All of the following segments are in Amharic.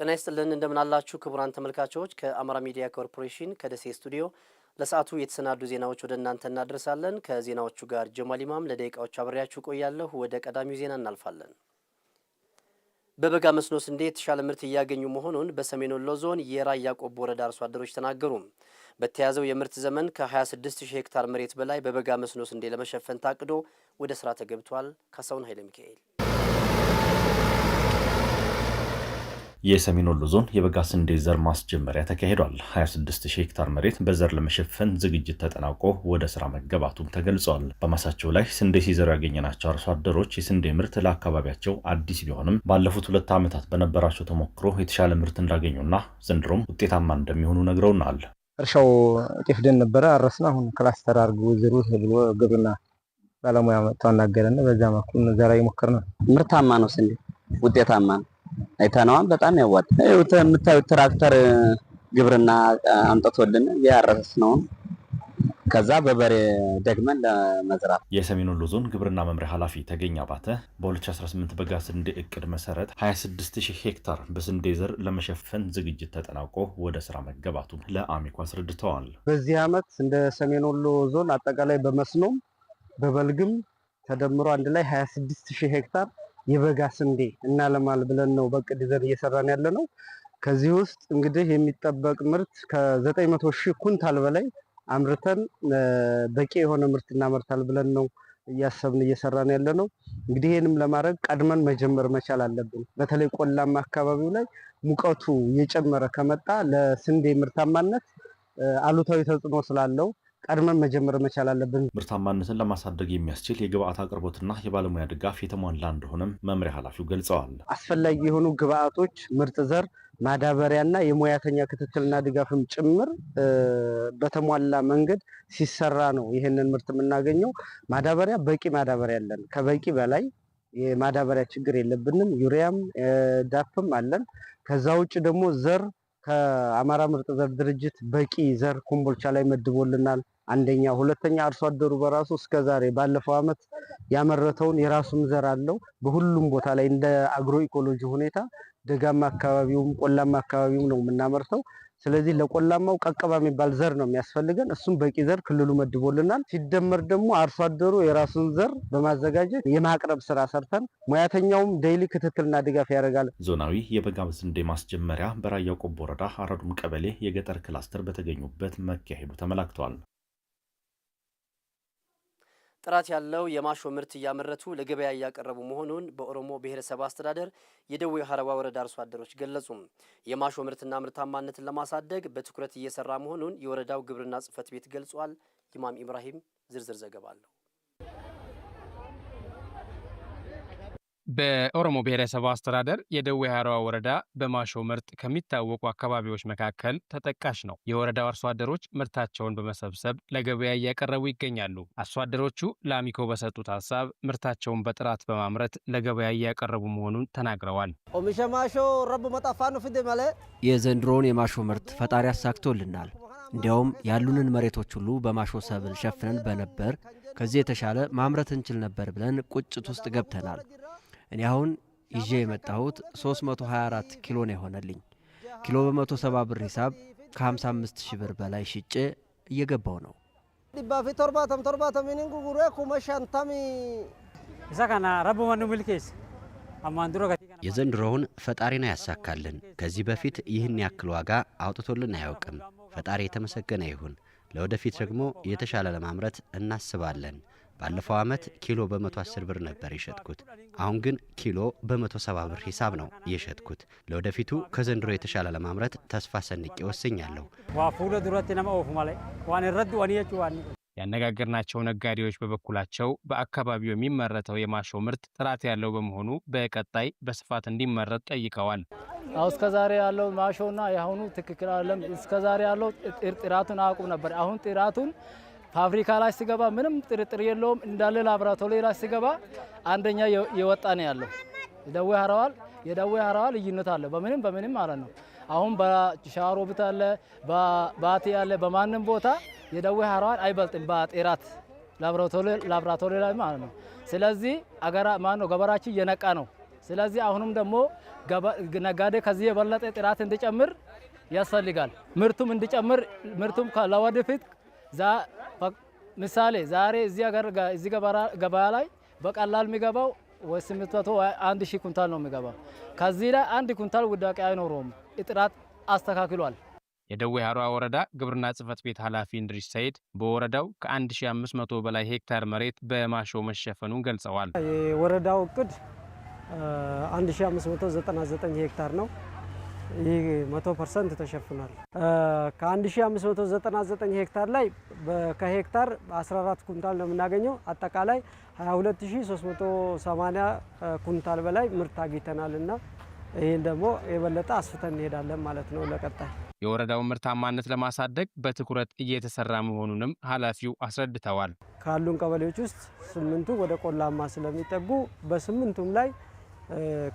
ጤና ይስጥልን እንደምናላችሁ ክቡራን ተመልካቾች። ከአማራ ሚዲያ ኮርፖሬሽን ከደሴ ስቱዲዮ ለሰዓቱ የተሰናዱ ዜናዎች ወደ እናንተ እናደርሳለን። ከዜናዎቹ ጋር ጀማል ኢማም ለደቂቃዎች አብሬያችሁ ቆያለሁ። ወደ ቀዳሚው ዜና እናልፋለን። በበጋ መስኖ ስንዴ የተሻለ ምርት እያገኙ መሆኑን በሰሜን ወሎ ዞን የራያ ቆቦ ወረዳ አርሶ አደሮች ተናገሩ። በተያዘው የምርት ዘመን ከ26000 ሄክታር መሬት በላይ በበጋ መስኖ ስንዴ ለመሸፈን ታቅዶ ወደ ስራ ተገብቷል። ካሳሁን ኃይለ ሚካኤል የሰሜን ወሎ ዞን የበጋ ስንዴ ዘር ማስጀመሪያ ተካሂዷል። 260 ሄክታር መሬት በዘር ለመሸፈን ዝግጅት ተጠናቆ ወደ ስራ መገባቱም ተገልጿል። በማሳቸው ላይ ስንዴ ሲዘሩ ያገኘናቸው አርሶ አደሮች የስንዴ ምርት ለአካባቢያቸው አዲስ ቢሆንም ባለፉት ሁለት ዓመታት በነበራቸው ተሞክሮ የተሻለ ምርት እንዳገኙና ዘንድሮም ውጤታማ እንደሚሆኑ ነግረውናል። እርሻው ጤፍ ደን ነበረ አረስን። አሁን ክላስተር አድርጎ ዝሩ ብሎ ግብርና ባለሙያ መጥቶ አናገረን። በዛ መልኩ ዘራ ነው። ምርታማ ነው። ስንዴ ውጤታማ ነው። አይተነዋል። በጣም ያዋጥ የምታዩት ትራክተር ግብርና አምጥቶልን ያረስ ነው። ከዛ በበሬ ደግመን ለመዝራት የሰሜን ወሎ ዞን ግብርና መምሪያ ኃላፊ ተገኝ አባተ በ2018 በጋ ስንዴ እቅድ መሰረት 26000 ሄክታር በስንዴ ዘር ለመሸፈን ዝግጅት ተጠናቆ ወደ ስራ መገባቱ ለአሚኮ አስረድተዋል። በዚህ ዓመት እንደ ሰሜን ወሎ ዞን አጠቃላይ በመስኖም በበልግም ተደምሮ አንድ ላይ 26000 ሄክታር የበጋ ስንዴ እናለማል ብለን ነው በቅድ ይዘን እየሰራን ያለ ነው። ከዚህ ውስጥ እንግዲህ የሚጠበቅ ምርት ከ900 ሺህ ኩንታል በላይ አምርተን በቂ የሆነ ምርት እናመርታል ብለን ነው እያሰብን እየሰራን ያለ ነው። እንግዲህ ይህንም ለማድረግ ቀድመን መጀመር መቻል አለብን። በተለይ ቆላማ አካባቢው ላይ ሙቀቱ እየጨመረ ከመጣ ለስንዴ ምርታማነት አሉታዊ ተጽዕኖ ስላለው ቀድመን መጀመር መቻል አለብን። ምርታማነትን ለማሳደግ የሚያስችል የግብአት አቅርቦትና የባለሙያ ድጋፍ የተሟላ እንደሆነም መምሪያ ኃላፊው ገልጸዋል። አስፈላጊ የሆኑ ግብአቶች፣ ምርጥ ዘር፣ ማዳበሪያና የሙያተኛ ክትትልና ድጋፍም ጭምር በተሟላ መንገድ ሲሰራ ነው ይህንን ምርት የምናገኘው። ማዳበሪያ በቂ ማዳበሪያ አለን። ከበቂ በላይ የማዳበሪያ ችግር የለብንም። ዩሪያም ዳፕም አለን። ከዛ ውጭ ደግሞ ዘር ከአማራ ምርጥ ዘር ድርጅት በቂ ዘር ኮምቦልቻ ላይ መድቦልናል። አንደኛ። ሁለተኛ አርሶ አደሩ በራሱ ዛሬ ባለፈው ዓመት ያመረተውን የራሱም ዘር አለው። በሁሉም ቦታ ላይ እንደ አግሮ ኢኮሎጂ ሁኔታ ደጋማ አካባቢውም ቆላማ አካባቢውም ነው የምናመርተው። ስለዚህ ለቆላማው ቀቀባ የሚባል ዘር ነው የሚያስፈልገን። እሱም በቂ ዘር ክልሉ መድቦልናል። ሲደመር ደግሞ አርሶ አደሩ የራሱን ዘር በማዘጋጀት የማቅረብ ስራ ሰርተን ሙያተኛውም ዴይሊ ክትትልና ድጋፍ ያደርጋል። ዞናዊ የበጋ ስንዴ ማስጀመሪያ በራያ ቆቦ ወረዳ ቀበሌ የገጠር ክላስተር በተገኙበት መካሄዱ ተመላክቷል። ጥራት ያለው የማሾ ምርት እያመረቱ ለገበያ እያቀረቡ መሆኑን በኦሮሞ ብሔረሰብ አስተዳደር የደቡብ ሀረባ ወረዳ አርሶ አደሮች ገለጹ። የማሾ ምርትና ምርታማነትን ለማሳደግ በትኩረት እየሰራ መሆኑን የወረዳው ግብርና ጽሕፈት ቤት ገልጿል። ኢማም ኢብራሂም ዝርዝር ዘገባ አለው። በኦሮሞ ብሔረሰብ አስተዳደር የደዌ ሀረዋ ወረዳ በማሾ ምርት ከሚታወቁ አካባቢዎች መካከል ተጠቃሽ ነው። የወረዳው አርሶ አደሮች ምርታቸውን በመሰብሰብ ለገበያ እያቀረቡ ይገኛሉ። አርሶ አደሮቹ ለአሚኮ በሰጡት ሀሳብ ምርታቸውን በጥራት በማምረት ለገበያ እያቀረቡ መሆኑን ተናግረዋል። ኦሚሸ ማሾ ረቡ ፍድ መለ የዘንድሮውን የማሾ ምርት ፈጣሪ አሳክቶልናል። እንዲያውም ያሉንን መሬቶች ሁሉ በማሾ ሰብል ሸፍነን በነበር ከዚህ የተሻለ ማምረት እንችል ነበር ብለን ቁጭት ውስጥ ገብተናል። እኔ አሁን ይዤ የመጣሁት 324 ኪሎ ነው የሆነልኝ። ኪሎ በ170 ብር ሂሳብ ከ55 ሺህ ብር በላይ ሽጬ እየገባው ነው። የዘንድሮውን ፈጣሪ ነው ያሳካልን። ከዚህ በፊት ይህን ያክል ዋጋ አውጥቶልን አያውቅም። ፈጣሪ የተመሰገነ ይሁን። ለወደፊት ደግሞ የተሻለ ለማምረት እናስባለን። ባለፈው ዓመት ኪሎ በ110 ብር ነበር የሸጥኩት። አሁን ግን ኪሎ በ170 ብር ሂሳብ ነው የሸጥኩት። ለወደፊቱ ከዘንድሮ የተሻለ ለማምረት ተስፋ ሰንቄ ወስኛለሁ። ያነጋገርናቸው ነጋዴዎች በበኩላቸው በአካባቢው የሚመረተው የማሾ ምርት ጥራት ያለው በመሆኑ በቀጣይ በስፋት እንዲመረት ጠይቀዋል። እስከ ዛሬ ያለው ማሾና የአሁኑ ትክክል አለም። እስከ ዛሬ ያለው ጥራቱን አያውቁም ነበር። አሁን ጥራቱን ፋብሪካ ላይ ሲገባ ምንም ጥርጥር የለውም እንዳለ ላብራቶሪ ላይ ሲገባ አንደኛ የወጣ ነው ያለው። የደዌ ሀረዋል የደዌ ሀረዋል ልዩነት አለ በምንም በምንም ማለት ነው። አሁን በሻሮቢት አለ በባቲ አለ በማንም ቦታ የደዌ ሀረዋል አይበልጥም በጤራት ላብራቶሪ ላይ ማለት ነው። ስለዚህ አገራ ማነው ገበራችን እየነቃ ነው። ስለዚህ አሁንም ደግሞ ነጋዴ ከዚህ የበለጠ ጥራት እንዲጨምር ያስፈልጋል። ምርቱም እንዲጨምር ምርቱም ለወደፊት ምሳሌ ዛሬ እዚህ ሀገር እዚህ ገበያ ላይ በቀላል የሚገባው ወይ ስምንት አንድ ሺህ ኩንታል ነው የሚገባው። ከዚህ ላይ አንድ ኩንታል ውዳቄ አይኖረውም። እጥራት አስተካክሏል። የደዌ ሀሯ ወረዳ ግብርና ጽፈት ቤት ኃላፊ እንድሪስ ሰይድ በወረዳው ከ1500 በላይ ሄክታር መሬት በማሾ መሸፈኑን ገልጸዋል። የወረዳው እቅድ 1599 ሄክታር ነው። ይህ 100% ተሸፍኗል። ከ1599 ሄክታር ላይ ከሄክታር 14 ኩንታል ነው የምናገኘው። አጠቃላይ 22380 ኩንታል በላይ ምርት አግኝተናል እና ይህን ደግሞ የበለጠ አስፍተን እንሄዳለን ማለት ነው ለቀጣይ። የወረዳውን ምርታማነት ለማሳደግ በትኩረት እየተሰራ መሆኑንም ኃላፊው አስረድተዋል። ካሉን ቀበሌዎች ውስጥ ስምንቱ ወደ ቆላማ ስለሚጠጉ በስምንቱም ላይ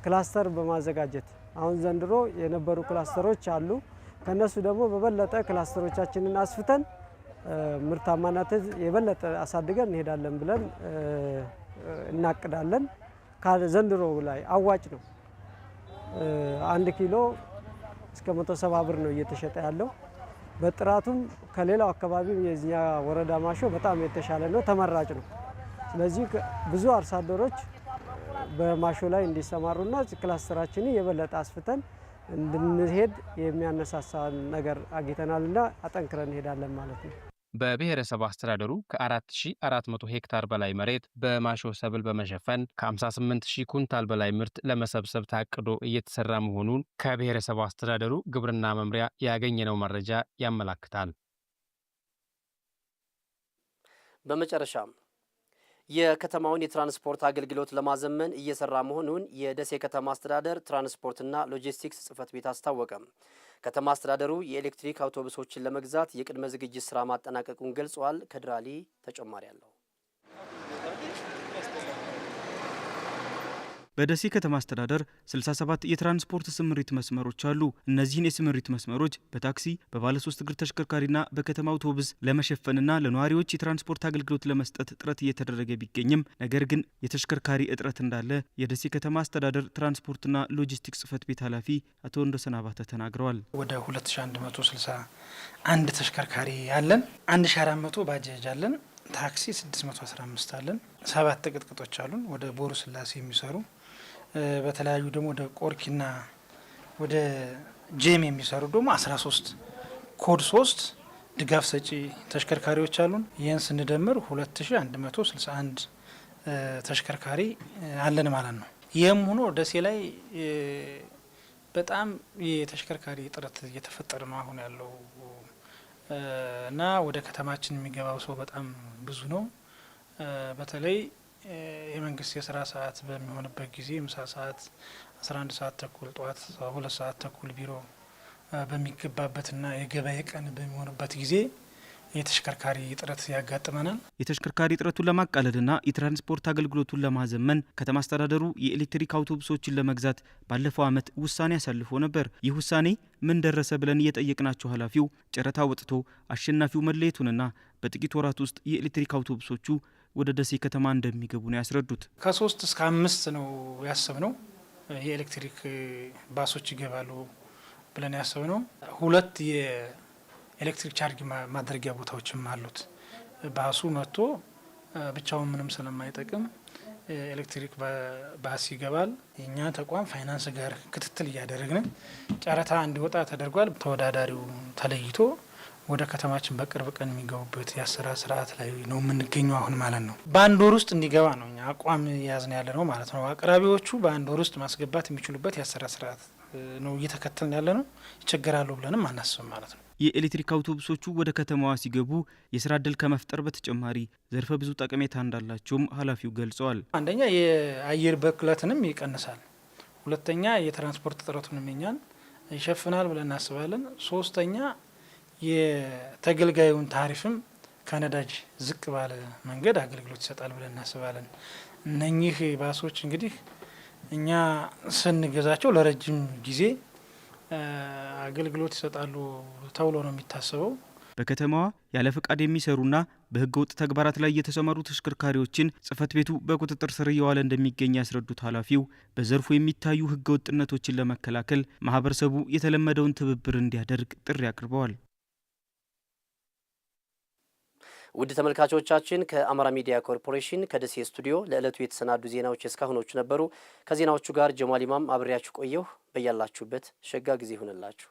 ክላስተር በማዘጋጀት አሁን ዘንድሮ የነበሩ ክላስተሮች አሉ። ከነሱ ደግሞ በበለጠ ክላስተሮቻችንን አስፍተን ምርታማነትን የበለጠ አሳድገን እንሄዳለን ብለን እናቅዳለን። ዘንድሮ ላይ አዋጭ ነው። አንድ ኪሎ እስከ 170 ብር ነው እየተሸጠ ያለው። በጥራቱም ከሌላው አካባቢ የዚያ ወረዳ ማሾ በጣም የተሻለ ነው፣ ተመራጭ ነው። ስለዚህ ብዙ አርሶ አደሮች በማሾ ላይ እንዲሰማሩና ክላስተራችን የበለጠ አስፍተን እንድንሄድ የሚያነሳሳ ነገር አግኝተናልና አጠንክረን እንሄዳለን ማለት ነው። በብሔረሰብ አስተዳደሩ ከ4400 ሄክታር በላይ መሬት በማሾ ሰብል በመሸፈን ከ58000 ኩንታል በላይ ምርት ለመሰብሰብ ታቅዶ እየተሰራ መሆኑን ከብሔረሰብ አስተዳደሩ ግብርና መምሪያ ያገኘነው መረጃ ያመላክታል። በመጨረሻም የከተማውን የትራንስፖርት አገልግሎት ለማዘመን እየሰራ መሆኑን የደሴ ከተማ አስተዳደር ትራንስፖርትና ሎጂስቲክስ ጽፈት ቤት አስታወቀ። ከተማ አስተዳደሩ የኤሌክትሪክ አውቶቡሶችን ለመግዛት የቅድመ ዝግጅት ስራ ማጠናቀቁን ገልጿል። ከድራሊ ተጨማሪ አለው። በደሴ ከተማ አስተዳደር 67 የትራንስፖርት ስምሪት መስመሮች አሉ። እነዚህን የስምሪት መስመሮች በታክሲ በባለሶስት እግር ተሽከርካሪና በከተማ አውቶቡስ ለመሸፈንና ለነዋሪዎች የትራንስፖርት አገልግሎት ለመስጠት ጥረት እየተደረገ ቢገኝም ነገር ግን የተሽከርካሪ እጥረት እንዳለ የደሴ ከተማ አስተዳደር ትራንስፖርትና ሎጂስቲክስ ጽህፈት ቤት ኃላፊ አቶ ወንዶሰን አባተ ተናግረዋል። ወደ 2161 ተሽከርካሪ አለን። 1400 ባጃጅ አለን። ታክሲ 615 አለን። ሰባት ቅጥቅጦች አሉን። ወደ ቦሩ ስላሴ የሚሰሩ በተለያዩ ደግሞ ወደ ቆርኪና ወደ ጄም የሚሰሩ ደግሞ 13 ኮድ 3 ድጋፍ ሰጪ ተሽከርካሪዎች አሉን። ይህን ስንደምር 2161 ተሽከርካሪ አለን ማለት ነው። ይህም ሆኖ ደሴ ላይ በጣም የተሽከርካሪ እጥረት እየተፈጠረ ነው አሁን ያለው እና ወደ ከተማችን የሚገባው ሰው በጣም ብዙ ነው በተለይ የመንግስት የስራ ሰዓት በሚሆንበት ጊዜ ምሳ ሰዓት አስራ አንድ ሰዓት ተኩል ጠዋት ሁለት ሰዓት ተኩል ቢሮ በሚገባበትና የገበያ ቀን በሚሆንበት ጊዜ የተሽከርካሪ እጥረት ያጋጥመናል። የተሽከርካሪ እጥረቱን ለማቃለልና የትራንስፖርት አገልግሎቱን ለማዘመን ከተማ አስተዳደሩ የኤሌክትሪክ አውቶቡሶችን ለመግዛት ባለፈው ዓመት ውሳኔ አሳልፎ ነበር። ይህ ውሳኔ ምን ደረሰ ብለን እየጠየቅናቸው ኃላፊው ጨረታ ወጥቶ አሸናፊው መለየቱንና በጥቂት ወራት ውስጥ የኤሌክትሪክ አውቶቡሶቹ ወደ ደሴ ከተማ እንደሚገቡ ነው ያስረዱት። ከሶስት እስከ አምስት ነው ያሰብነው የኤሌክትሪክ ባሶች ይገባሉ ብለን ያሰብነው። ሁለት የኤሌክትሪክ ቻርጅ ማድረጊያ ቦታዎችም አሉት። ባሱ መጥቶ ብቻውን ምንም ስለማይጠቅም ኤሌክትሪክ ባስ ይገባል። የእኛ ተቋም ፋይናንስ ጋር ክትትል እያደረግን ጨረታ እንዲወጣ ተደርጓል። ተወዳዳሪው ተለይቶ ወደ ከተማችን በቅርብ ቀን የሚገቡበት የአሰራር ስርዓት ላይ ነው የምንገኘው አሁን ማለት ነው። በአንድ ወር ውስጥ እንዲገባ ነው እኛ አቋም የያዝን ያለ ነው ማለት ነው። አቅራቢዎቹ በአንድ ወር ውስጥ ማስገባት የሚችሉበት የአሰራር ስርዓት ነው እየተከተልን ያለ ነው። ይቸገራሉ ብለንም አናስብም ማለት ነው። የኤሌክትሪክ አውቶቡሶቹ ወደ ከተማዋ ሲገቡ የስራ እድል ከመፍጠር በተጨማሪ ዘርፈ ብዙ ጠቀሜታ እንዳላቸውም ኃላፊው ገልጸዋል። አንደኛ የአየር በክለትንም ይቀንሳል። ሁለተኛ የትራንስፖርት እጥረቱንም እኛን ይሸፍናል ብለን እናስባለን። ሶስተኛ የተገልጋዩን ታሪፍም ከነዳጅ ዝቅ ባለ መንገድ አገልግሎት ይሰጣል ብለን እናስባለን። እነኚህ ባሶች እንግዲህ እኛ ስንገዛቸው ለረጅም ጊዜ አገልግሎት ይሰጣሉ ተብሎ ነው የሚታሰበው። በከተማዋ ያለ ፈቃድ የሚሰሩና በህገ ወጥ ተግባራት ላይ የተሰማሩ ተሽከርካሪዎችን ጽህፈት ቤቱ በቁጥጥር ስር እየዋለ እንደሚገኝ ያስረዱት ኃላፊው በዘርፉ የሚታዩ ህገ ወጥነቶችን ለመከላከል ማህበረሰቡ የተለመደውን ትብብር እንዲያደርግ ጥሪ አቅርበዋል። ውድ ተመልካቾቻችን ከአማራ ሚዲያ ኮርፖሬሽን ከደሴ ስቱዲዮ ለዕለቱ የተሰናዱ ዜናዎች እስካሁኖቹ ነበሩ። ከዜናዎቹ ጋር ጀማል ኢማም አብሬያችሁ ቆየሁ። በያላችሁበት ሸጋ ጊዜ ይሁንላችሁ።